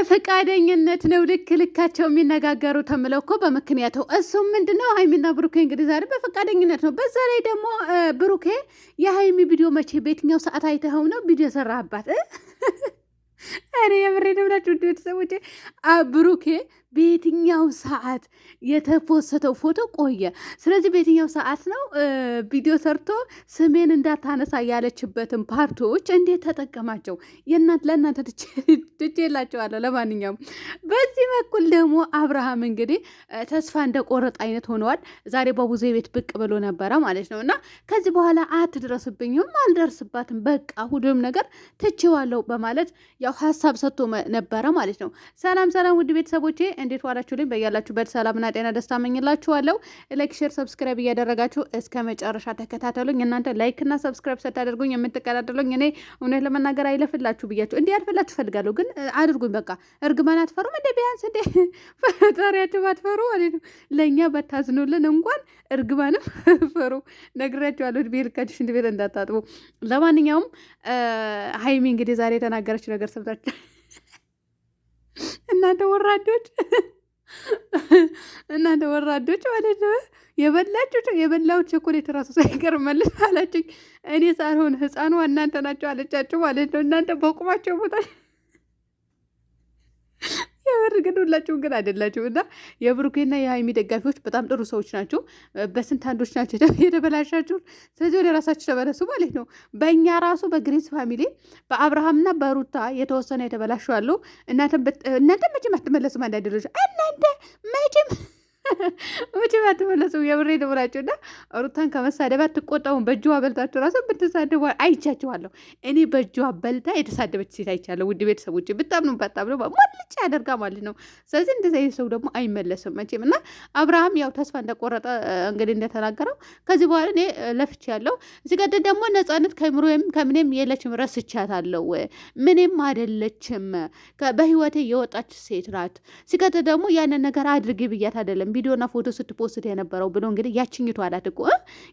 በፈቃደኝነት ነው ልክ ልካቸው የሚነጋገሩ ተምለው እኮ በምክንያቱ እሱም ምንድን ነው ሀይሚና ብሩኬ እንግዲህ ዛሬ በፈቃደኝነት ነው። በዛ ላይ ደግሞ ብሩኬ የሀይሚ ቪዲዮ መቼ በየትኛው ሰዓት አይተኸው ነው ቪዲዮ ሰራህባት? እኔ የምሬ ደብላችሁ ቤተሰቦቼ ብሩኬ በየትኛው ሰዓት የተፖሰተው ፎቶ ቆየ። ስለዚህ በየትኛው ሰዓት ነው ቪዲዮ ሰርቶ ስሜን እንዳታነሳ ያለችበትን ፓርቶች እንዴት ተጠቀማቸው? የእናት ለእናንተ ትቼ ለማንኛውም በዚህ በኩል ደግሞ አብርሃም እንግዲህ ተስፋ እንደቆረጥ አይነት ሆነዋል። ዛሬ በቡዜ ቤት ብቅ ብሎ ነበረ ማለት ነው እና ከዚህ በኋላ አትድረስብኝም፣ አልደርስባትም፣ በቃ ሁሉም ነገር ትቼዋለሁ በማለት ያው ሀሳብ ሰጥቶ ነበረ ማለት ነው። ሰላም ሰላም፣ ውድ ቤተሰቦቼ እንዴት ዋላችሁልኝ? በያላችሁበት ሰላምና ጤና ደስታ መኝላችኋለሁ። ላይክ፣ ሼር፣ ሰብስክራይብ እያደረጋችሁ እስከ መጨረሻ ተከታተሉኝ። እናንተ ላይክ ላይክና ሰብስክራይብ ስታደርጉኝ የምትቀዳደሉኝ እኔ እውነት ለመናገር አይለፍላችሁ ብያችሁ እንዲህ ያልፍላችሁ ፈልጋለሁ፣ ግን አድርጉኝ። በቃ እርግማን አትፈሩም እንዴ? ቢያንስ እንዴ ፈጣሪያችሁ ባትፈሩ ማለት ነው። ለእኛ በታዝኑልን እንኳን እርግማንም ፈሩ ነግሬያችኋለሁ። ቤል ከድሽ እንድ ቤት እንዳታጥቡ። ለማንኛውም ሀይሚ እንግዲህ ዛሬ የተናገረችው ነገር ሰምታችሁ እናንተ ወራዶች እናንተ ወራዶች ማለት ነው። የበላችሁ የበላው ቸኮሌት ራሱ ሳይቀር መልስ አላችሁ። እኔ ሳልሆን ህፃኗ እናንተ ናቸው አለቻችሁ ማለት ነው። እናንተ በቁማቸው ቦታ ያበርገን ሁላችሁም ግን አይደላችሁም። እና የብሩኬና የሀይሚ ደጋፊዎች በጣም ጥሩ ሰዎች ናቸው። በስንት አንዶች ናቸው የተበላሻችሁ። ስለዚህ ወደ ራሳችሁ ተመለሱ ማለት ነው። በእኛ ራሱ በግሬስ ፋሚሊ በአብርሃምና በሩታ የተወሰነ የተበላሹ አሉ። እናንተ መቼም አትመለሱም። አንዳንድ ልጆች እናንተ መቼም መቼም አትመለሱም። የምሬ ልብላችሁ እና ሩታን ከመሳደብ አትቆጠቡም። በእጅዋ በልታችሁ ራሱ ብትሳደቡ አይቻችኋለሁ። እኔ በእጅዋ በልታ የተሳደበች ሴት አይቻለሁ። ውድ ቤተሰቦች ብጣም ነው በጣም ነው ሞልጭ ያደርጋ ማለት ነው። ስለዚህ እንደዚህ ሰው ደግሞ አይመለስም መቼም እና አብርሃም ያው ተስፋ እንደቆረጠ እንግዲህ እንደተናገረው ከዚህ በኋላ እኔ ለፍች ያለው ሲቀጥል ደግሞ ነጻነት ወይም ከምንም የለችም ረስቻታለሁ። ምንም አይደለችም። በህይወቴ የወጣች ሴት ናት። ሲቀጥል ደግሞ ያንን ነገር አድርጌ ብያት አይደለም ቪዲዮና ፎቶ ስትፖስት የነበረው ብሎ እንግዲህ ያችኝቱ አላት እኮ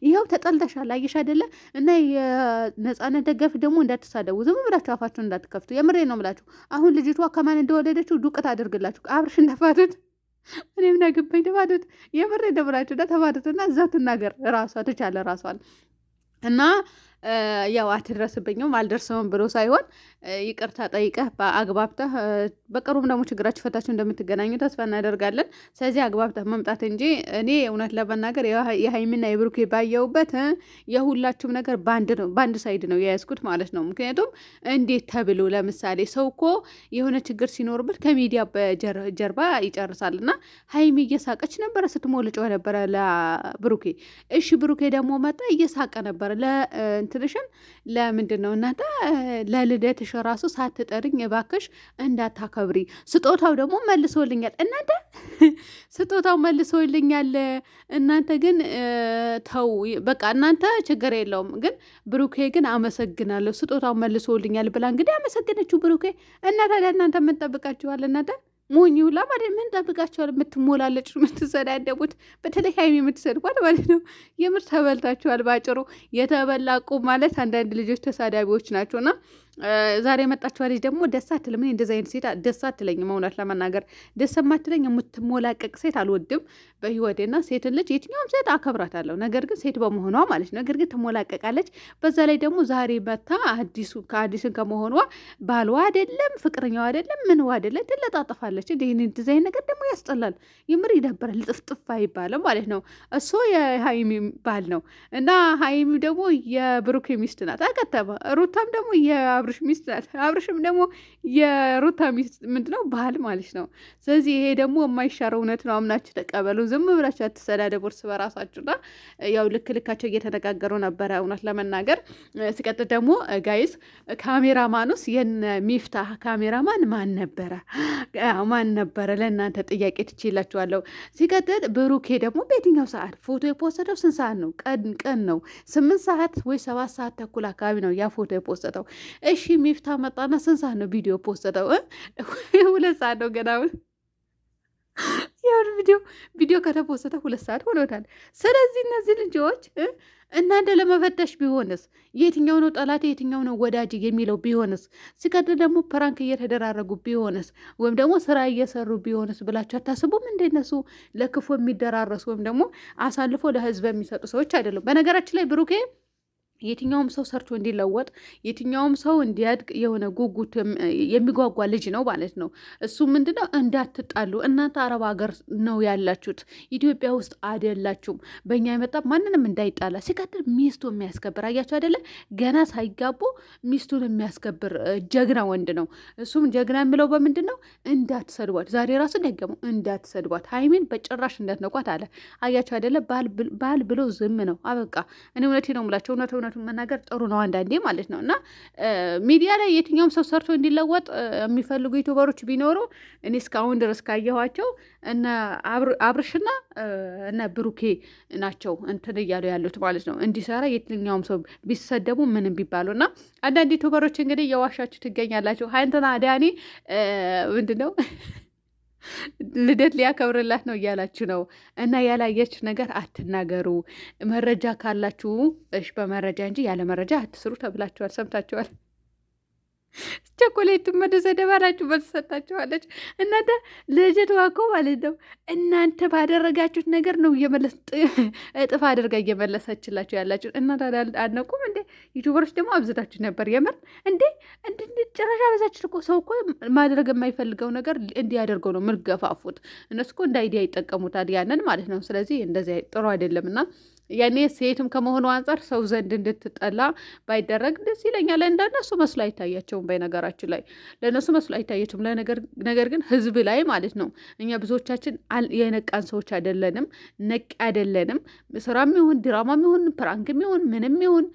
ይኸው ተጠልተሻል፣ አየሽ አይደለ? እና የነጻነት ደጋፊ ደግሞ እንዳትሳደቡ ዝም ብላችሁ አፋችሁን እንዳትከፍቱ። የምሬ ነው ምላችሁ። አሁን ልጅቷ ከማን እንደወለደችው ዱቅት አድርግላችሁ አብርሽ እንዳፋደድ እኔም ነግበኝ አገባኝ? ተፋደድ። የምሬ ነው ምላችሁ እና ተፋደድ እና እዛ ትናገር ራሷ ትቻለ ራሷን እና ያው አትድረስብኝም አልደርሰውም ብሎ ሳይሆን ይቅርታ ጠይቀህ አግባብተህ በቅርቡም ደግሞ ችግራችሁ ፈታችሁ እንደምትገናኙ ተስፋ እናደርጋለን። ስለዚህ አግባብተህ መምጣት እንጂ እኔ እውነት ለመናገር የሀይሚና የብሩኬ ባየውበት የሁላችሁም ነገር ባንድ ነው፣ ባንድ ሳይድ ነው የያዝኩት ማለት ነው። ምክንያቱም እንዴት ተብሎ ለምሳሌ ሰው እኮ የሆነ ችግር ሲኖርበት ከሚዲያ ጀርባ ይጨርሳል እና ሀይሚ እየሳቀች ነበረ ስትሞልጮ ነበረ ለብሩኬ። እሺ ብሩኬ ደግሞ መጣ እየሳቀ ነበረ የምትልሽን ለምንድን ነው እናንተ ለልደትሽ ራሱ ሳትጠርኝ እባክሽ እንዳታከብሪ? ስጦታው ደግሞ መልሶልኛል። እናንተ ስጦታው መልሶልኛል። እናንተ ግን ተው በቃ እናንተ ችግር የለውም ግን ብሩኬ ግን አመሰግናለሁ ስጦታው መልሶልኛል ብላ እንግዲህ አመሰግነችው ብሩኬ። እና ለእናንተ የምንጠብቃችኋል እናንተ ሞኙ ለማለት ምን ጠብቃቸዋል? የምትሞላለጭ የምትሰዳደቡት፣ በተለይ ሀይሚ የምትሰድቧት ማለት ነው። የምር ተበልታችኋል። ባጭሩ የተበላቁ ማለት አንዳንድ ልጆች ተሳዳቢዎች ናቸውና ዛሬ የመጣችዋ ልጅ ደግሞ ደስ አትልም። እኔ እንደዚህ አይነት ሴት ደስ አትለኝም። እውነት ለመናገር ደስ የማትለኝ የምትሞላቀቅ ሴት አልወድም በህይወቴና ሴትን ልጅ የትኛውም ሴት አከብራታለሁ። ነገር ግን ሴት በመሆኗ ማለት ነው። ነገር ግን ትሞላቀቃለች። በዛ ላይ ደግሞ ዛሬ መታ አዲሱ ከአዲስን ከመሆኗ ባሏ አይደለም ፍቅረኛዋ አይደለም ምንዋ አይደለም ትለጣጠፋለች። ይህን ዲዛይን ነገር ደግሞ ያስጠላል። ይምር ይደብራል። ልጥፍጥፍ አይባልም ማለት ነው። እሱ የሀይሚ ባል ነው እና ሀይሚ ደግሞ የብሩክ ሚስት ናት። አቀተበ ሩታም ደግሞ የአብርሽ ሚስት ናት። አብርሽም ደግሞ የሩታ ሚስት ምንድን ነው ባል ማለት ነው። ስለዚህ ይሄ ደግሞ የማይሻር እውነት ነው። አምናችሁ ተቀበሉ። ዝም ብላችሁ አትሰዳደቡ እርስ በራሳችሁና ያው ልክ ልካቸው እየተነጋገሩ ነበረ እውነት ለመናገር ሲቀጥል ደግሞ ጋይስ ካሜራማኑስ የነ ሚፍታህ ካሜራማን ማን ነበረ ማን ነበረ? ለእናንተ ጥያቄ ትችላችኋለሁ። ሲቀጥል ብሩኬ ደግሞ በየትኛው ሰዓት ፎቶ የፖሰተው ስንት ሰዓት ነው? ቀን ቀን ነው ስምንት ሰዓት ወይ ሰባት ሰዓት ተኩል አካባቢ ነው ያ ፎቶ የፖሰተው። እሺ ሚፍታ መጣና ስንት ሰዓት ነው ቪዲዮ ፖስተው? ሁለት ሰዓት ነው ገና ያሁን ቪዲዮ ቪዲዮ ከተፖሰተ ሁለት ሰዓት ሆኖታል። ስለዚህ እነዚህ ልጆች እናንተ ለመፈተሽ ቢሆንስ የትኛው ነው ጠላት የትኛው ነው ወዳጅ የሚለው ቢሆንስ፣ ሲቀጥል ደግሞ ፕራንክ እየተደራረጉ ቢሆንስ ወይም ደግሞ ስራ እየሰሩ ቢሆንስ ብላችሁ አታስቡም? እንደነሱ ለክፉ የሚደራረሱ ወይም ደግሞ አሳልፎ ለህዝብ የሚሰጡ ሰዎች አይደሉም። በነገራችን ላይ ብሩኬ የትኛውም ሰው ሰርቶ እንዲለወጥ የትኛውም ሰው እንዲያድግ የሆነ ጉጉት የሚጓጓ ልጅ ነው ማለት ነው። እሱ ምንድነው እንዳትጣሉ። እናንተ አረብ ሀገር ነው ያላችሁት፣ ኢትዮጵያ ውስጥ አይደላችሁም። በእኛ የመጣ ማንንም እንዳይጣላ። ሲቀጥል ሚስቱ የሚያስከብር አያችሁ አይደለ? ገና ሳይጋቡ ሚስቱን የሚያስከብር ጀግና ወንድ ነው። እሱም ጀግና የሚለው በምንድን ነው? እንዳትሰድቧት። ዛሬ ራሱ ደገመው፣ እንዳትሰድቧት፣ ሀይሜን በጭራሽ እንዳትነቋት አለ። አያችሁ አይደለ? ባል ብሎ ዝም ነው አበቃ። እኔ እውነቴ ነው የምላቸው እውነት እውነቱን መናገር ጥሩ ነው አንዳንዴ ማለት ነው። እና ሚዲያ ላይ የትኛውም ሰው ሰርቶ እንዲለወጥ የሚፈልጉ ዩቱበሮች ቢኖሩ እኔ እስካሁን ድረስ ካየኋቸው እነ አብርሽና እነ ብሩኬ ናቸው እንትን እያሉ ያሉት ማለት ነው። እንዲሰራ የትኛውም ሰው ቢሰደቡ ምንም ቢባሉ እና አንዳንድ ዩቱበሮች እንግዲህ የዋሻችሁ ትገኛላችሁ። ሀይንትና ዳኒ ምንድን ነው ልደት ሊያከብርላት ነው እያላችሁ ነው። እና ያላየች ነገር አትናገሩ። መረጃ ካላችሁ እሽ በመረጃ እንጂ ያለ መረጃ አትስሩ ተብላችኋል። ሰምታችኋል። ቸኮሌቱን መደሰ ደባላችሁ በተሰጣችኋለች እናንተ ልጅቷ እኮ ማለት ነው። እናንተ ባደረጋችሁት ነገር ነው እጥፍ አድርጋ እየመለሰችላችሁ ያላችሁ እናንተ አነቁም እንዴ? ዩቱበሮች ደግሞ አብዝታችሁ ነበር የምር እንዴ። ጭራሽ በዛች እኮ። ሰው እኮ ማድረግ የማይፈልገው ነገር እንዲያደርገው ነው ምርገፋፉት። እነሱ እኮ እንደ አይዲያ ይጠቀሙታል ያንን ማለት ነው። ስለዚህ እንደዚያ ጥሩ አይደለም እና የኔ ሴትም ከመሆኑ አንጻር ሰው ዘንድ እንድትጠላ ባይደረግ ደስ ይለኛል። እንደነሱ መስሎ አይታያቸውም። በነገራችን ላይ ለእነሱ መስሎ አይታያቸውም። ነገር ግን ህዝብ ላይ ማለት ነው። እኛ ብዙዎቻችን የነቃን ሰዎች አይደለንም፣ ነቅ አይደለንም። ስራም ይሁን ድራማም ይሁን ፕራንክም ይሁን ምንም ይሁን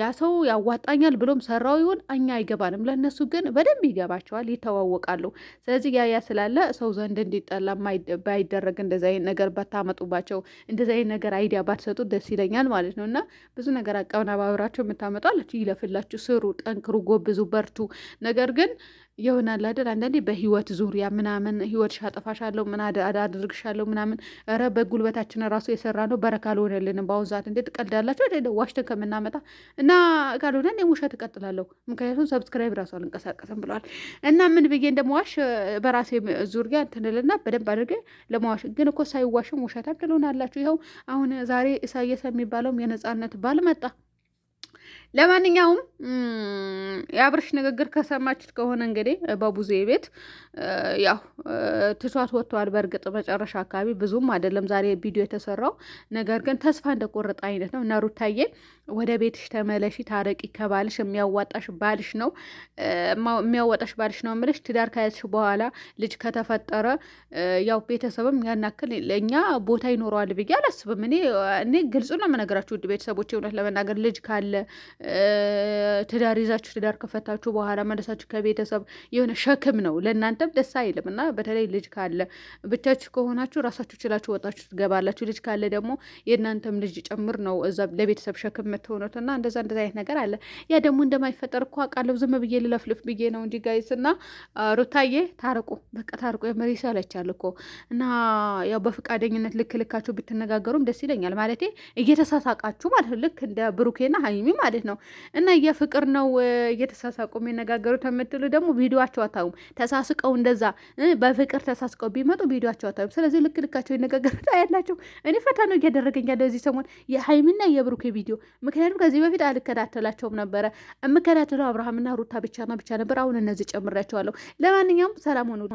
ያ ሰው ያዋጣኛል ብሎም ሰራው ይሁን እኛ አይገባንም። ለእነሱ ግን በደንብ ይገባቸዋል፣ ይተዋወቃሉ። ስለዚህ ያ ያ ስላለ ሰው ዘንድ እንዲጠላ ባይደረግ እንደዚ አይነት ነገር ባታመጡባቸው፣ እንደዚ አይነት ነገር አይዲያ ባትሰጡ ደስ ይለኛል ማለት ነው። እና ብዙ ነገር አቀናባብራቸው የምታመጣለች። ይለፍላችሁ፣ ስሩ፣ ጠንክሩ፣ ጎብዙ፣ በርቱ። ነገር ግን ይሆናል አይደል? አንዳንዴ በህይወት ዙሪያ ምናምን ህይወትሽ አጠፋሻለሁ ምን አድርግሻለሁ ምናምን፣ ኧረ በጉልበታችን ራሱ የሰራ ነው በረካ አልሆነልንም። በአሁኑ ሰዓት እንዴት ትቀልዳላችሁ? ደ ዋሽተን ከምናመጣ እና ካልሆነ እኔ ውሸት እቀጥላለሁ፣ ምክንያቱም ሰብስክራይብ ራሱ አልንቀሳቀስም ብለዋል። እና ምን ብዬ እንደመዋሽ በራሴ ዙሪያ እንትንልና በደንብ አድርጌ ለመዋሽ ግን እኮ ሳይዋሽም ውሸታም ትልሆናላችሁ። ይኸው አሁን ዛሬ ኢሳያስ የሚባለውም የነጻነት ባል መጣ። ለማንኛውም የአብርሽ ንግግር ከሰማችት ከሆነ እንግዲህ በቡዜ ቤት ያው ትቷት ወጥተዋል። በእርግጥ መጨረሻ አካባቢ ብዙም አይደለም ዛሬ ቪዲዮ የተሰራው ነገር ግን ተስፋ እንደቆረጠ አይነት ነው እና ሩታዬ ወደ ቤትሽ ተመለሺ፣ ታረቂ ከባልሽ የሚያዋጣሽ ባልሽ ነው የሚያዋጣሽ ባልሽ ነው የምልሽ። ትዳር ከያዝሽ በኋላ ልጅ ከተፈጠረ ያው ቤተሰብም ያናክል ለእኛ ቦታ ይኖረዋል ብዬ አላስብም። እኔ እኔ ግልጹ ነው የምነግራችሁ ውድ ቤተሰቦች፣ እውነት ለመናገር ልጅ ካለ 呃。ትዳር ይዛችሁ ትዳር ከፈታችሁ በኋላ መለሳችሁ ከቤተሰብ የሆነ ሸክም ነው፣ ለእናንተም ደስ አይልም እና በተለይ ልጅ ካለ ብቻችሁ ከሆናችሁ ራሳችሁ ችላችሁ ወጣችሁ ትገባላችሁ። ልጅ ካለ ደግሞ የእናንተም ልጅ ጭምር ነው እዛ ለቤተሰብ ሸክም የምትሆኑት እና እንደዛ እንደዛ አይነት ነገር አለ። ያ ደግሞ እንደማይፈጠር እኮ አውቃለሁ። ዝም ብዬ ልለፍልፍ ብዬ ነው እንጂ ጋይስ እና ሩታዬ ታርቁ፣ በቃ ታርቁ። የምር ይሰለቻል እኮ እና ያው በፈቃደኝነት ልክ ልካችሁ ብትነጋገሩም ደስ ይለኛል። ማለቴ እየተሳሳቃችሁ ማለት ልክ እንደ ብሩኬና ሀይሚ ማለት ነው እና ፍቅር ነው እየተሳሳቁ የሚነጋገሩት የምትሉ ደግሞ ቪዲዮቸው አታዩም። ተሳስቀው እንደዛ በፍቅር ተሳስቀው ቢመጡ ቪዲዮቸው አታዩም። ስለዚህ ልክ ልካቸው ይነጋገሩት አያላቸው። እኔ ፈታ ነው እያደረገኝ ያለው እዚህ ሰሞን የሀይሚና የብሩኬ ቪዲዮ። ምክንያቱም ከዚህ በፊት አልከታተላቸውም ነበረ። የምከታተለው አብርሃምና ሩታ ብቻና ብቻ ነበር። አሁን እነዚህ ጨምሬያቸዋለሁ። ለማንኛውም ሰላም ሆኑ።